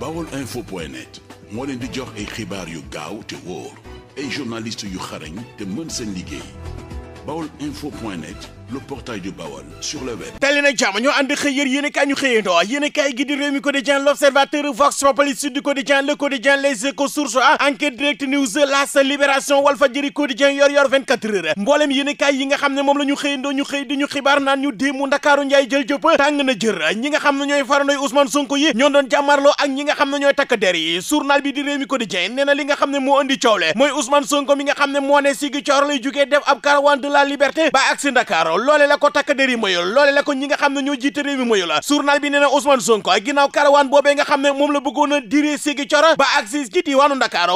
bawol info point net moo leen di jox ay xibaar yu gaaw te wóor ay journaliste yu xarañ te mën seen liggéey bawol info point net le portail du Baol sur le web. tali na jàmm ñoo ànd xëy gi di Rewmi Quotidien L'Observateur Vox Populi Sud Quotidien Le Quotidien Les Échos Source A Enquête Direct News L'As Libération Walfadjri Quotidien Yor Yor 24 heures mboolem yéenekaay yi nga xam ne moom la ñu xëyandoo ñu xëy di ñu xibaar naan ñu démb Ndakaaru Njaay jël jëpp tàng na jër ñi nga xam ne ñooy farandoy Ousmane Sonko yi ñoo doon jàmmarloo ak ñi nga xam ne ñooy takk der na li nga xam ne moo indi coow ne moo ne sigi coor loole la ko takk der yi mayul nga xam ne ñoo jiite mayu la journal bi nee na Ousmane Sonko ginnaaw karawaan boobee nga xam ne moom la bëggoon a diree sigi coro ba agsi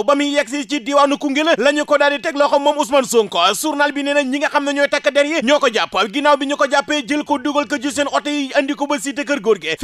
ba muy yegsi ci diiwaanu ko daal di teg loxo moom Ousmane Sonko journal bi nee na ñi nga xam ne ñooy takk der ñoo ko jàpp ginnaaw bi ñu ko jàppee jël ko ko ci seen oto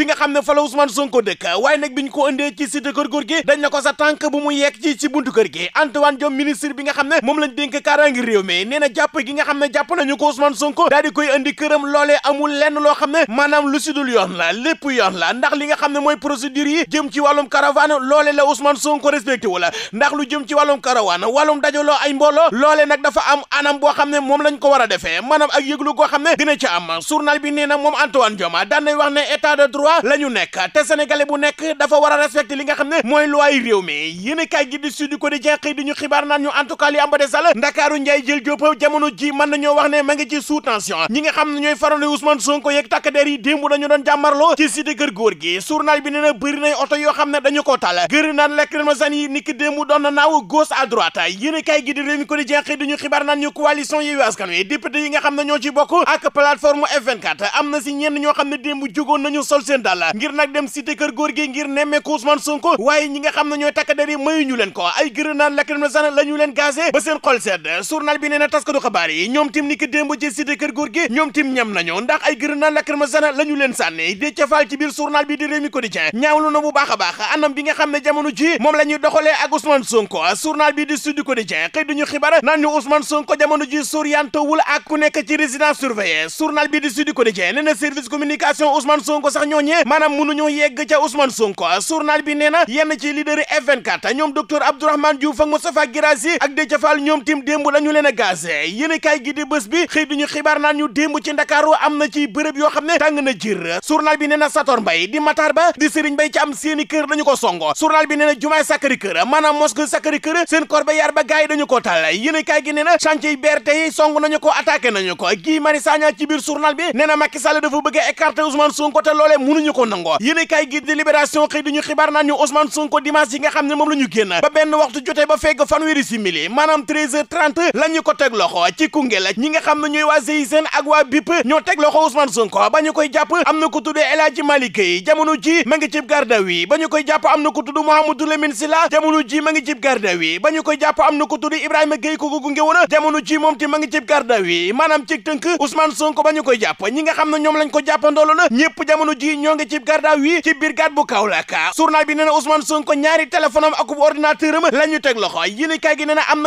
nga xam ne fa la Ousmane Sonko dëkk waaye ñu ko indee ci cité kër góor gi dañ ko sa tànk bu mu yegg ci ci buntu kër gi Antoine Diome ministre bi nga xam moom lañ dénk kaaraangi réew mi nee na jàpp gi nga xam ne jàpp nañu ko Ousmane Sonko daal di mi koy andi këram loolee amul lenn loo xam ne maanaam lu si dul yoon la lépp yoon la ndax li nga xam ne mooy procédure yi jëm ci wàllum caravane loole la Ousmane Sonko respecté wala ndax lu jëm ci wàllum caravane wàllum dajaloo ay mbooloo loole nag dafa am anam boo xam ne moom lañ ko war a defee maanaam ak yëglu koo xam ne dina ci am journal bi nee na moom Antoine Diome daan nay wax ne état de droit la ñu nekk te sénégalais bu nekk dafa war a respecté li nga xam ne mooy loi yi réew mi yéen kay ñu xibaar naan ñu tout cas li am ba desal ndakaaru njaay jël jóob ji mën nañoo wax ne ma ngi ci sous président ñi nga xam ne ñooy farandoo Ousmane Sonko yeeg takk der yi démb dañu doon jàmmarloo ci cité kër góor gi journal bi nee na bëri oto yoo xam ne dañu ko tal gër naan lacrymogène yi niki démb doon na naaw gauche ne ñoo bokk ak plateforme na si ñoo xam ne démb nañu sol seen dal ngir nag dem cité kër góor gi ngir nemmee ko Ousmane ñi nga xam ne ñooy takk der yi mayuñu leen ko ay gër naan ba seen xol sedd journal bi nee na xabaar yi ñoom tim niki démb ci cité kër góor gi ñoom tim ñam nañu ndax ay grenade lacrymogène la ñu leen sànni di cafaal ci biir journal bi di Rewmi Quotidien ñaawlu na bu baax a baax anam bi xam ne jamono ji moom la ñuy doxalee ak Ousmane Sonko journal bi di Sud Quotidien xëy duñu xibaar naan ñu Ousmane Sonko jamono ji soriantewul ak ku nekk ci résidence surveillée journal bi di Sud ci leader F24 ñoom docteur Abdourahmane Diouf ak Moustapha Guirassy ak Déthié Fall ñoom tim démb la ñu leen a gazé a naan ñu démb ci ndakaaru am na ci bërëb yoo xam ne tàng na jër journal bi nee na Sator di Matar Ba di Serigne Mbay ci am kër dañu ko songo journal bi nee jumaay Sacré Cœur maanaam mosquée Sacré Cœur seen yar ba gars dañu ko tal yéene kaay gi nee na yi BRT yi song nañu ko attaqué nañu ko Guy Marius Sagna ci biir bi nee na Macky Sall dafa bëgg a écarter Ousmane Sonko te loolee ko nango yi nga xam ne moom la ñu génn ba benn Sène ak waa BIP ñoo teg loxo Ousmane Sonko ba ñu koy jàpp am na ku tuddee El Hadji Malick Gueye ji ma ngi cib garda wi ba koy jàpp am na ku tudd Ibrahima Gueye ko gunge woon ji moom ti ma ngi cib garda wi maanaam cig tënk Ousmane Sonko ba koy jàpp ñi nga xam ne ñoom lañ ko jàppandoolo na ñëpp jamono ji ñoo ngi cib garda wi ci brigade bu Kaolack journal bi nee na Ousmane ñaari téléphone am ak ordinateur teg loxo yéen kay gi nee am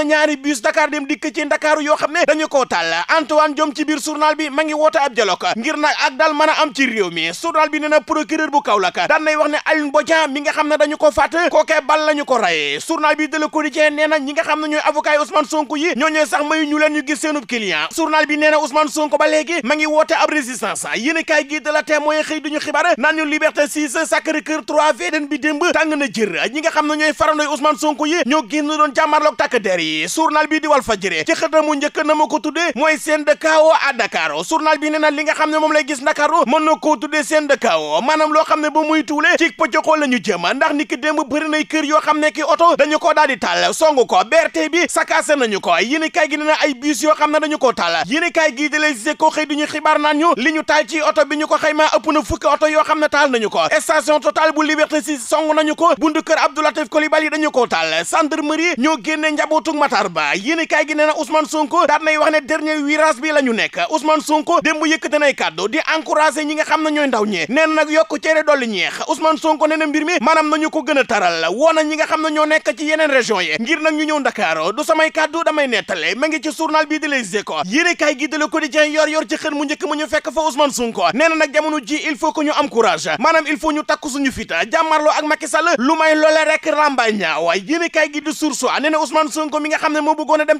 journal bi ma ngi woote ab dialogue ngir nag ak dal am ci réew mi journal bi nee na procureur bu Kaolack daan nay wax ne Alioune Bodian mi nga xam ne dañu ko faat kookee bal la ñu ko rayee journal bi de Le Quotidien nee na nga xam na ñooy avocat yi Ousmane yi ñooñu sax mayu ñu leen ñu gis seenub client bi nee na Ousmane Sonko ba léegi ma ngi woote ab résistance yéenekaay gi de La Témoin xëy duñu xibaar naan ñu Liberté 6 Sacré-Cœur 3 VDN bi démb ñi nga xam ne ñooy farandoy Ousmane Sonko yi ñoo génn doon jàmmarloog takk der yi journal bi di Walf Fadjri na ma ko tuddee mooy seen de kawo waa Dakar bi nee na li nga xam ne moom lay gis Dakar mën na koo tuddee seen dëkkaaw maanaam loo xam ne ba muy tuule ci pëccoxoo la ñu ndax ni ki démb kër yoo xam ne ki oto dañu koo daal di tàll ko BRT bi sakaase nañu ko yéen kaay gi nee ay bus yoo xam ne dañu koo tàll yéen kaay gi da lay gisee koo xëy xibaar naan ñu li ñu taal oto bi ñu ko xëy maa ëpp na fukki oto yoo xam ne taal nañu ko station Total bu Liberté si song nañu ko bundu kër Abdou Latif Coulibaly na la ñu nekk Ousmane Sonko démb yëkkate nay kàddu di encouragé ñi nga xam ne ñooy ndaw ñee neen nag yokk cere dolli ñeex Ousmane Sonko nee na mbir mi maanaam nañu ko gën a taral woo na ñi nga xam ne ñoo nekk ci yeneen région yi ngir nag ñu ñëw Ndakaaro du samay kàddu damay nettale ma ngi ci journal bii di Les Échos yéene kaay gi de Le Quotidien yor yor ci xën mu njëkk mu ñu fekk fa Ousmane Sonko nee nag jamono ji il faut que ñu am courage il faut ñu takku suñu fita jàmmarloo mi nga xam ne moo bëggoon a dem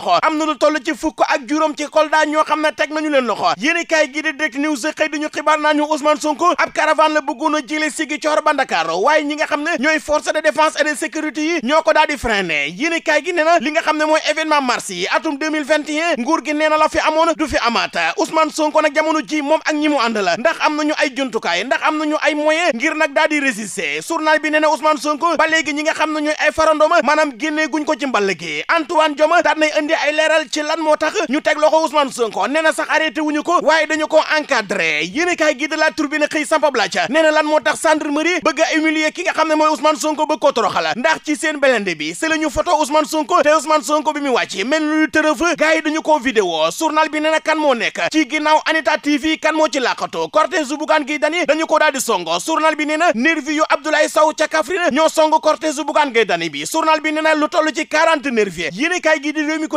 loxo am na lu toll ci fukk ak juróom ci Kolda ñoo xam ne teg nañu leen loxo yéen kaay gi di Direct News xëy duñu xibaar naa ñu Ousmane Sonko ab caravane la bëggoon a jëlee sigi coor ba Dakar waaye ñi nga xam ne ñooy force de défense et de sécurité yi ñoo ko daal di freiné yéen kaay gi nee li nga xam ne mooy événement mars yi atum 2021 nguur gi nee la fi amoon du fi amaata Ousmane Sonko nag jamono ji moom ak ñi mu ndax am na Ousmane ay farandoma maanaam indi ay leeral ci lan moo tax ñu teg loxo Ousmane Sonko nee na sax arrêté wuñu ko waaye dañu ko encadré yéen a kaay gi de la turbine xëy sampab la ca nee na lan moo tax gendarmerie bëgg a humilier ki nga xam mooy Ousmane Sonko bëgg ko toroxal ndax ci seen belende bi c'est la ñu photo te Ousmane Sonko bi mu wàcc mel lu ñu tërëf dañu koo vidéo journal bi nee na kan ci ginnaaw Anita TV kan ci làqatu cortège Bougane Gueye Dany dañu ko daal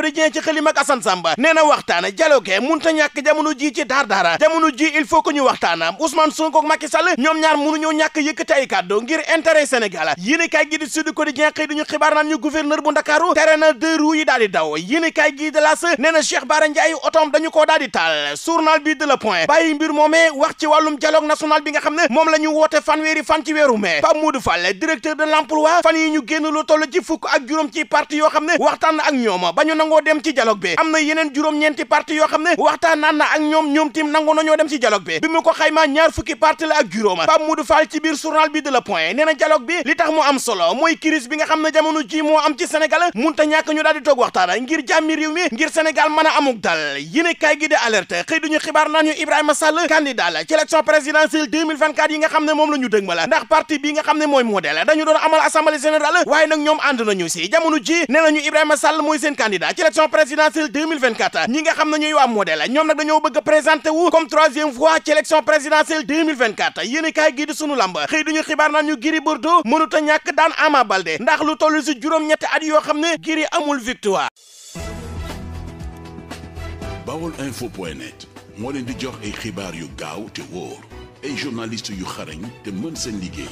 Quotidien ci a ak Assane Samba nee na waxtaan dialogue munta ñàkk jamono ji ci daar daara jamono ji il faut que ñu waxtaana Ousmane Sonko ak Macky Sall ñoom ñaar mënuñoo ñàkk yëkkati ay kàddu ngir intérêt Sénégal yéen kaay gi di Sud Quotidien xëy duñu xibaar naan ñu gouverneur bu Ndakaaru tere na deux yi daal daw yéen kaay gi de L'As nee na Cheikh Bara dañu koo daal taal journal bi de Le Point bàyyi mbir moomee wax ci wàllum dialogue national bi nga xam nangoo dem ci dialogue bi am na yeneen juróom ne waxtaan naan na ak ñoom ñoom tim nangu li tax mu am solo mooy crise bi nga xam ne jamono ji moo am ci Sénégal munta ñàkk ñu daal di a amuk dal ñu Ibrahima Sall candidat la ci élection présidentielle 2024 yi nga xam ne moom la ñu dëg ma la ndax parti bi nga xam ne mooy modèle dañu doon amal assemblée générale waaye nag ñoom ànd nañu si jamono ji nee nañu Ibrahima Sall mooy seen candidat ci élection présidentielle 2024 ñi nga xam ne ñooy waa modèle ñoom nag dañoo bëgg a présenté wu comme troisième ci élection présidentielle 2024 yéen i kaay gii di sunu lamb xëy duñu xibaar naan ñu Gris Bordeaux mënut a ñàkk daan Ama Baldé ndax lu toll si juróom-ñetti at yoo xam ne Gris amul victoire bawol info point moo leen di jox ay xibaar yu gaaw te wóor ay journaliste yu xarañ te mën seen liggéey